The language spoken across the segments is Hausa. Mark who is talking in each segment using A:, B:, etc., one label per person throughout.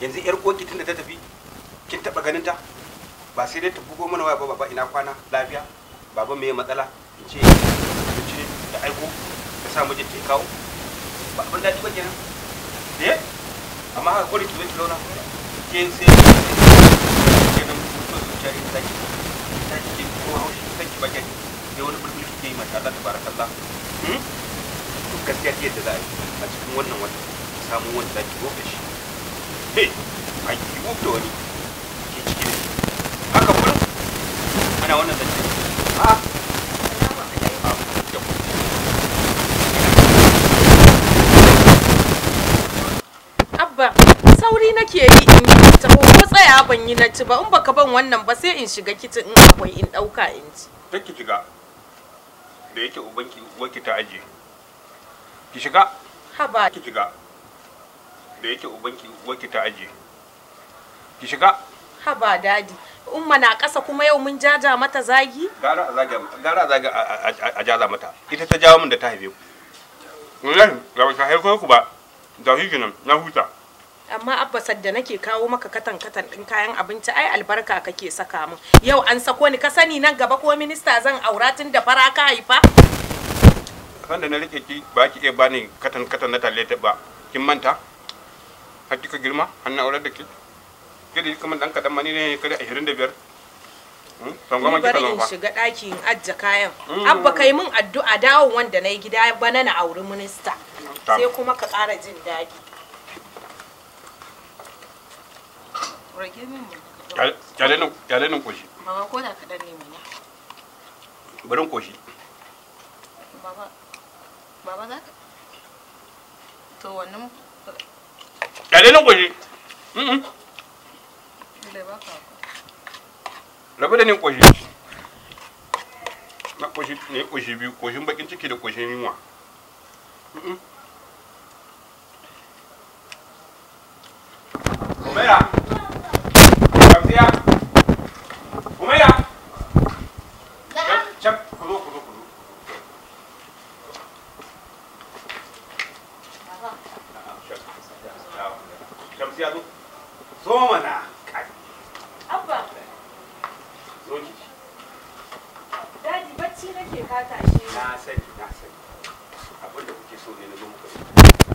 A: yanzu yar koki tunda ta tafi kin taba ganin ta ba sai dai ta bugo mana waya ba baba ina kwana lafiya baba me matsala in ce in ce da aiko ka sa mijin ta kawo ba abin daɗi ba kenan eh amma haka kodi ki zo ke zauna ke nan sai kenan mutum ta in zaki zaki ke kuma haushi ki bakin sai wani bulbul kike yi masha Allah tabarakallah hmm? gaskiya ce da za a yi a cikin wannan wata samu wanda zaki zo shi he ne
B: abba sauri nake yi in tsaya ban yi na ci ba in baka ban wannan ba sai in shiga kitin in akwai in ɗauka in ci
A: ki shiga da yake ubanki ubanki ta aje ki shiga haba ki shiga da yake ubanki uwarki ta aje ki shiga
B: haba dadi umma na ƙasa kuma yau mun jaja mata zagi gara
A: a zaga gara a zaga a jaza mata ita ta jawo min da ta haife ku wallahi ga ba ta haife ku ba da shi nan na huta
B: amma abba sadda nake kawo maka katan katan din kayan abinci ai albarka kake saka mun yau an sako ni ka sani nan gaba ko minista zan aura tun da fara ka haifa
A: kan da na rike ki ba ki iya bani katan katan na talle ba kin manta har girma har na aurar da ki kida kamar dan kadan mani ne kada 25 ban goma kika zo ba shiga
B: ɗakin ajja kayan hmm. abba kai min addu'a dawon wanda na yi gida bana na auri minista sai kuma ka ƙara jin daɗi
C: kyale nan
A: koshi
B: baba ko da kaɗan ne na. barin koshi baba baba za ka to wannan
C: kyale nan kwashi
A: rabu da ni kwashi na kwashi ne kwashi biyu kwashin bakin ciki da kwashin yunwa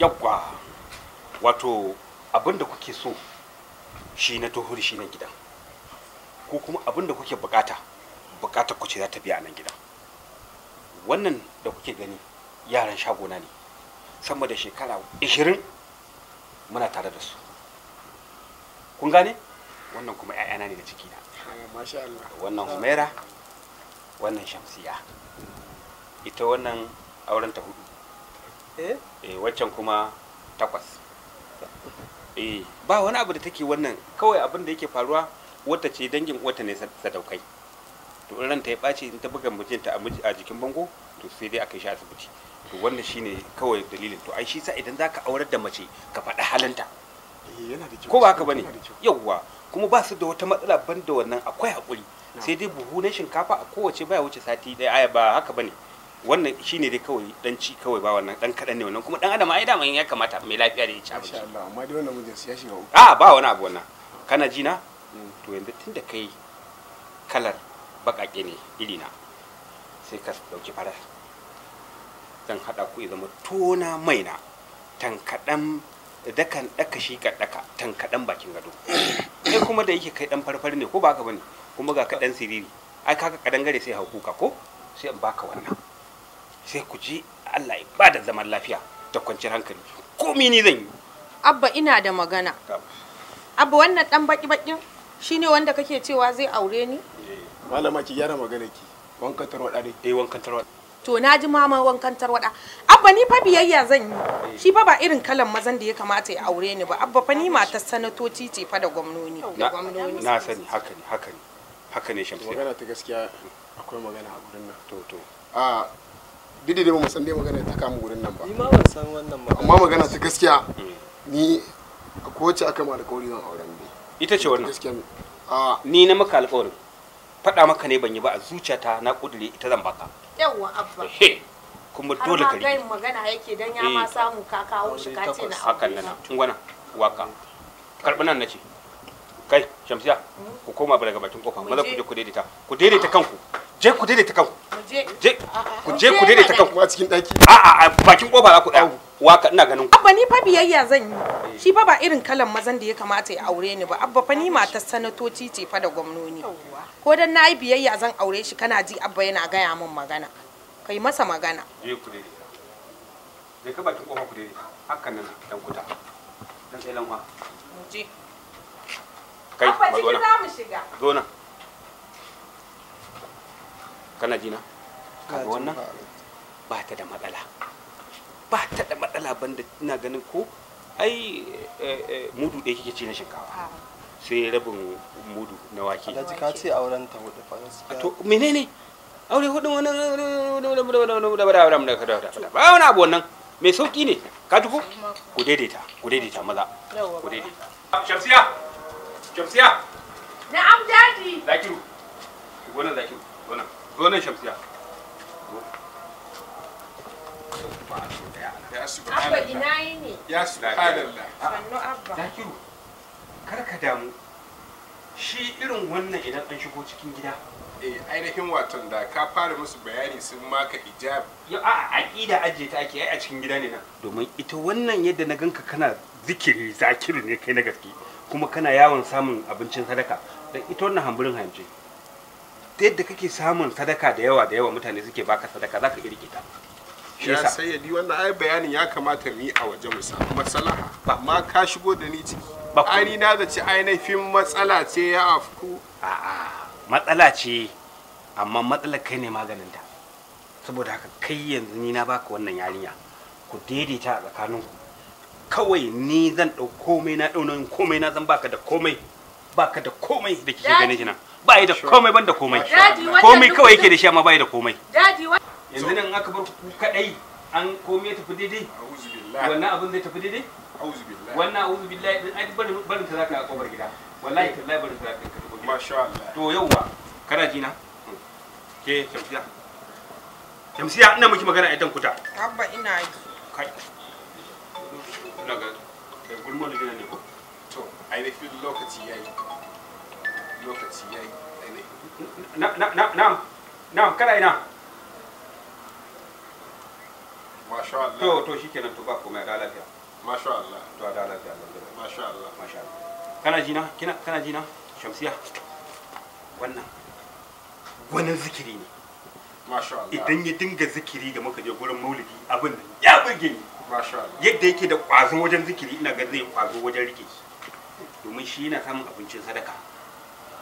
A: yawwa wato abin da kuke so shi na tuhuri shi na gidan ko kuma abin da kuke bukata bukatar ku ce za ta biya nan gidan wannan da kuke gani yaran shagona ne sama da shekara 20 muna tare da su kun gane wannan kuma 'ya'yana ne da ciki na
C: eh, wannan humaira
A: wannan shamsiya ita wannan auren ta hudu Eh? eh waccan kuma takwas eh ba wani abu da take wannan kawai abin da yake faruwa wata ce dangin wata ne sadaukai to ran ta ya ɓace in ta buga mijinta a jikin bango to sai dai aka yi shi asibiti to wannan shine kawai dalilin to ai shi sa idan zaka aurar da mace ka faɗi halinta eh, ko ba haka bane yawwa kuma ba su da wata matsala banda da wannan akwai haƙuri sai dai buhu na shinkafa a kowace baya wuce sati ɗaya ba haka bane wannan ne dai kawai dan ci kawai ba wannan dan kadan ne wannan kuma dan adam ai dama ya kamata mai lafiya da ya ci abinci Allah amma dai
C: wannan mijin ya shiga
A: a ah, ba wani abu wannan kana ji na hmm. to yanzu tunda kai kalar bakake ne iri na sai ka dauki farar zan hada ku zama tona mai na tankadan dakan daka shi ka daka tankadan bakin gado kai kuma da yake kai dan farfari ne ko ba ka bane kuma ga dan siriri ai ka kadan gare sai kuka ko sai in baka wannan sai ku je Allah ya bada zaman lafiya da kwanciyar hankali ko ni zan yi
B: abba ina da magana abba wannan dan baki bakin shine wanda kake cewa zai aure ni
C: eh, malama ki gyara magana ki wankan tarwada ne eh wankan tarwada
B: to na ji mama wankan tarwada abba ni fa biyayya zan yi eh. shi fa ba irin kalan mazan da ya kamata ya aure ni ba abba fa ni ta sanatoci ce fa da gwamnoni na
A: sani haka ne haka ne haka ne shamsi magana
C: ta gaskiya akwai magana a gurin nan to to
A: a ah, duk ba mu san dai magana ta kama gurin nan ba ni ma ban san wannan magana amma magana ta
C: gaskiya mm. ni
A: a kowace aka ma alƙawari zan auren bi ita ce wannan gaskiya a ni na maka alƙawarin faɗa maka ne ban yi ba a zuciyata na kudure ita zan baka
B: yawa abba
A: kuma dole ka yi
B: magana yake dan ya ma eh. samu ka kawo shi ka ce na hakan nan
A: tungwana waka karbi nan nace kai shamsiya mm. ku koma daga bakin kofa maza ku je ku daidaita ku daidaita kanku je ku daidaita kan
B: je ku je ku daidaita kan
A: kuma cikin daki a a bakin kofa za ku dawo waka ina ganin
B: abba ni fa biyayya zan yi eh. shi fa ba irin kalan mazan da ya kamata ya aure ni ba abba fa ni mata sanatoci ce fa da gwamnoni ko dan nayi biyayya zan aure shi kana ji abba yana gaya min magana kai masa magana je
A: ku daidaita je ka bakin kofa ku daidaita hakan nan dan kuta dan sai lanwa je kai abba ciki za mu shiga zo nan kana jina kaga wannan ba ta da matsala ba ta da matsala banda ina ganin ko ai mudu ɗaya kike ci na shinkafa sai rabin mudu na wake alhaji ka ce auren ta hudu fa gaskiya to menene aure hudu wani ba wani abu wannan mai sauki ne ka tuko ku daidaita ku daidaita maza ku daidaita shamsiya shamsiya na'am dadi zakiru
C: wannan you wannan zo nan shamsiya abba ina yi ne ya subhanallah
B: sannu abba
C: zakiru kar ka damu shi irin wannan idan an shigo cikin gida eh ainihin watan da ka fara musu bayani sun maka ijab ya a aqida ajiye ta ake yi a cikin gida ne nan
A: domin ita wannan yadda na ganka kana zikiri zakiru ne kai na gaske kuma kana yawon samun abincin sadaka don ita wannan hamburin hanje ta yadda kake samun sadaka da yawa da yawa mutane suke baka sadaka zaka iya rike ta ya
C: sayyadi wannan ai bayanin ya kamata mu yi a waje mu samu maslaha amma ka shigo da ni ciki ani na da ci ainihin matsala ce ya afku a'a
A: matsala ce amma matsala kai ne maganin ta saboda haka kai yanzu ni na baka wannan yarinya ku daidaita a tsakaninku kawai ni zan ɗau komai na ɗaunan komai na zan baka da komai baka da komai da kike ganin nan ba da komai ban da komai komai kawai yake da shi amma ba da komai yanzu nan aka bar ku kadai an komai ya tafi daidai wannan abin zai tafi daidai wannan a'udhu billahi din ai barin ta zaka a kobar gida wallahi tallahi barin ta zaka ka gida masha Allah to yauwa kana jina ke shamsiya shamsiya ina miki magana idan
B: kuta abba ina yi
C: kai ina ga gulmo da ne ko to ai da lokaci yayi lokaci ya yi
A: na'am na'am kana ina masha Allah to to kenan to ba komai da lafiya masha Allah to da masha Allah masha Allah kana jina kina kana jina shamsiya wannan wani zikiri ne masha Allah idan ya dinga zikiri da muka je gurin maulidi abin ya burge ni masha Allah yadda yake da kwazo wajen zikiri ina ga zai kwazo wajen rike shi domin shi yana samun abincin sadaka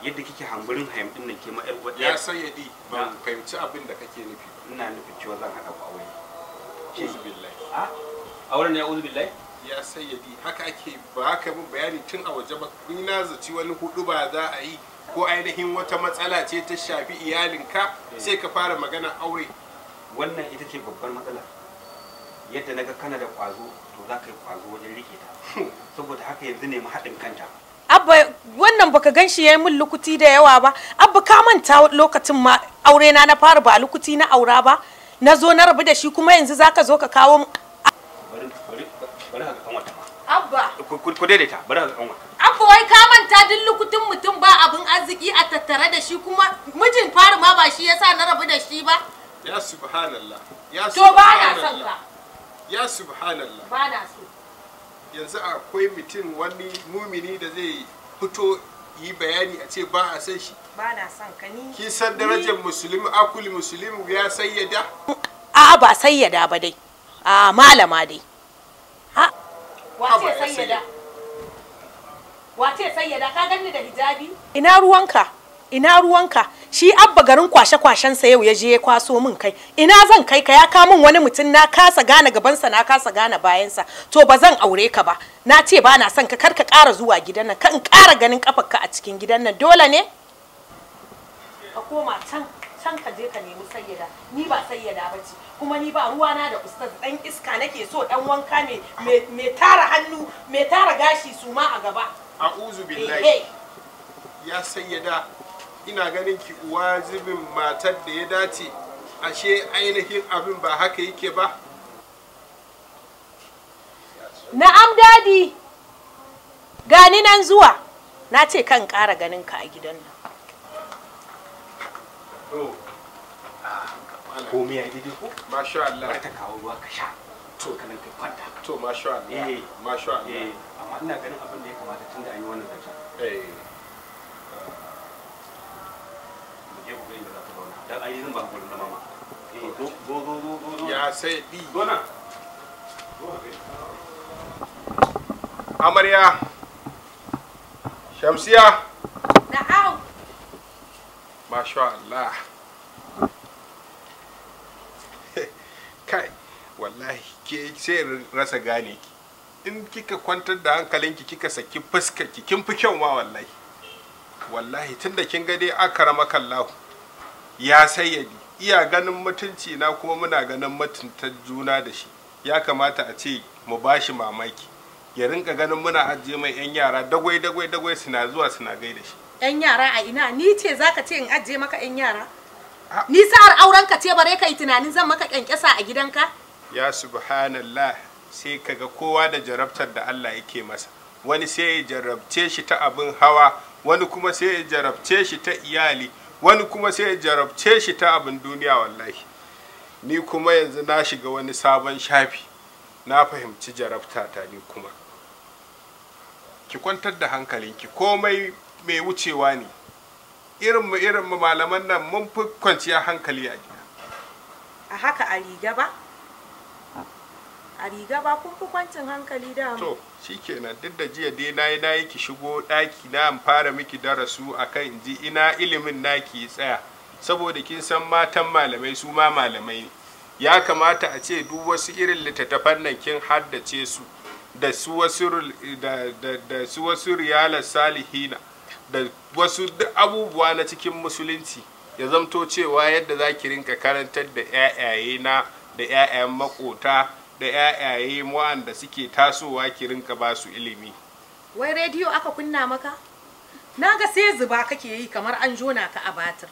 A: yadda kike hangurin hayam din nan ke ma ya sayyadi ban fahimci abin da kake nufi ina nufin cewa zan hada ku aure
C: shi billahi a auren ya uzu billahi ya sayyadi haka ake ba haka mun bayani tun a waje ba kun na zaci wani hudu ba za a yi ko ainihin wata matsala ce ta shafi iyalin ka eh. sai ka fara magana aure wannan ita ce babbar
A: matsala yadda naga kana da kwazo to za ka yi kwazo wajen rike ta saboda haka yanzu ne mu haɗin kanta
B: abba wannan baka gan shi yi min lukuti da yawa ba abba ka manta lokacin ma aure na na fara ba lukuti na aura ba na zo na rabu da shi kuma yanzu zaka zo ka kawo abba
A: ku
C: daidaita bari ka kan
B: abba wai ka manta duk lukutin mutum ba abin arziki a tattare da shi kuma mijin fari ma ba shi yasa na rabu da shi ba
C: ya subhanallah
B: ya subhanallah to ba na
C: ya subhanallah ba na so yanzu akwai mutum wani mumini da zai fito yi bayani a ce ba a san shi
B: ba na san ka ni ki san darajar
C: musulmi akul musulmi ya sayyada
B: a ba sayyada ba dai a malama dai ha wace sayyada wace sayyada ka ganni da hijabi ina ruwanka ina ruwanka shi abba garin kwashe kwashen sa yau ya je ya kwaso min kai ina zan kai ka ya ka min wani mutum na kasa gane gabansa na kasa gane bayansa to ba zan aure ka ba na ce ba na son ka kar ka ƙara zuwa gidan nan kan ƙara ganin ka a cikin gidan nan dole ne ka koma can can ka je ka nemi sayyada ni ba sayyada ba ce kuma ni ba ruwa na da ustaz dan iska nake so dan wanka ne me tara hannu me tara gashi su ma a gaba
C: a'udhu billahi eh, eh. ya sayyada ina ganin ki wajibin matar da ya dace ashe ainihin abin ba haka yake
B: ba na'am dadi gani nan zuwa na ce kan ƙara ganin ka a gidan
C: nan komai ya daidai ko masha Allah ta kawo ruwa ka sha to kanan ka kwanta to masha Allah eh masha Allah eh. amma ina ganin
A: abin da ya kamata tun da an wannan zancen eh
C: dan ai zan ba gurin zama ma eh, go go go go ya sai bi gona amarya shamsiya na'am masha Allah kai wallahi ke sai rasa gane ki in kika kwantar da hankalinki kika saki fuskar ki kin fi kyau ma wallahi wallahi tunda kin ga dai aka rama kallahu ya sayyadi iya ganin mutunci na kuma muna ganin mutuntar juna da shi ya kamata a ce mu ba shi mamaki ya rinka ganin muna ajiye mai yan yara dagwai dagwai dagwai suna zuwa suna da shi
B: yan yara a ina ni ce zaka ce in ajiye maka yan yara ni sa'ar auren ka ce bare kai tunanin zan maka kyankyasa a gidanka
C: ya subhanallah sai kaga kowa da jarabtar da Allah yake masa wani sai ya jarabce shi ta abin hawa wani kuma sai ya jarabce shi ta iyali wani kuma sai ya jarabce shi ta abin duniya wallahi ni kuma yanzu na shiga wani sabon shafi na fahimci jarabta ta ni kuma ki kwantar da hankalinki komai mai wucewa ne irin mu irin mu malaman nan mun fi kwanciya hankali a gida
B: a haka a riga ba a riga ba kun fi kwancin hankali da to
C: shikenan duk da jiya dai nayi nayi ki shigo daki na an fara miki darasu akan ji ina ilimin naki tsaya saboda kin san matan malamai su ma malamai ne ya kamata a ce duk wasu irin littattafan nan kin haddace su da su wasu da, da, da su wasu riyalar salihina da wasu duk abubuwa na cikin musulunci ya zamto cewa yadda zaki rinka karantar da 'ya'yaye na da 'ya'yan makota da 'ya'yaye wa'anda suke tasowa ki rinka ba su ilimi
B: wai rediyo aka kunna maka na ga sai zuba kake yi kamar an jona ka a batir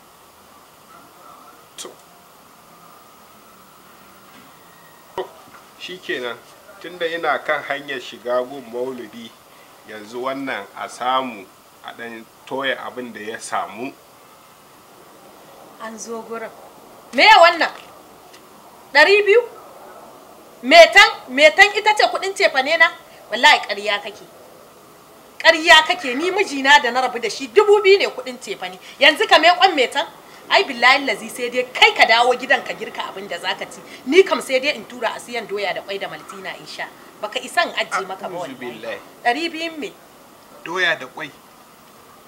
C: shikenan tunda ina kan hanyar shiga gun maulidi yanzu wannan a samu a ɗan toya abin da ya samu
B: an zo gurin me wannan ɗari biyu metan metan ita ce kudin cefa ne na wallahi ƙarya kake ƙarya kake ni mijina da na rabu da shi dubu biyu ne kudin cefa ne yanzu ka me kwan metan ai billahi lazi sai dai kai ka dawo gidan ka girka abin da zaka ci ni kam sai dai in tura a siyan doya da kwai da maltina in sha baka isan in maka ba wallahi ɗari biyun me
C: doya da kwai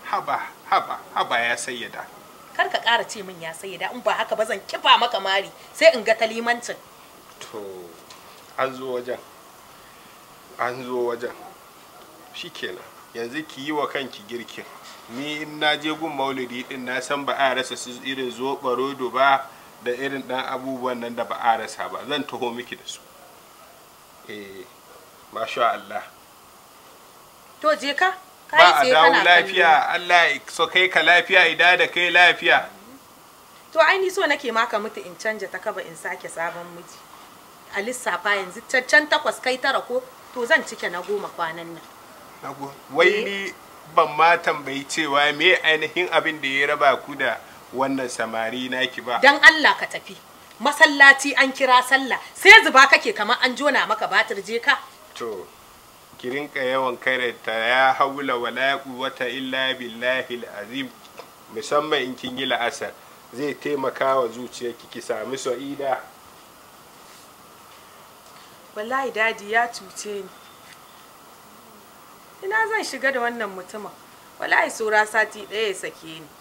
B: haba haba
C: haba ya sayyada
B: kar ka ƙara ce min ya sayyada in ba haka ba zan kifa maka mari sai in ga talimancin
C: to an zo wajen an zo wajen kenan yanzu ki yi wa kanki girkin ni in na je gun maulidi din na san ba a rasa su irin zo rodo ba da irin ɗan abubuwan nan da ba a rasa ba zan taho miki da su eh masha Allah
B: to je ka ba a dawo lafiya
C: Allah so kai ka lafiya ida da kai lafiya
B: to ai ni so nake maka mutu in canja ta kaba in sake sabon miji a lissafa yanzu can takwas kai tara ko to zan cike na goma kwanan
C: nan wai eh. ni ban ma tambayi cewa me ainihin abin da ya raba ku da wannan samari naki ba dan
B: Allah ka tafi masallaci an kira sallah sai zuba kake kamar an jona maka batir je ka
C: to ki rinka yawan karanta ya haula wala quwwata illa billahi azim musamman in kin yi la'asar zai taimaka wa zuciyarki ki sami sa'ida
B: wallahi dadi ya cuce ni ina zan shiga da wannan mutumin wallahi sura sati ɗaya ya sake ni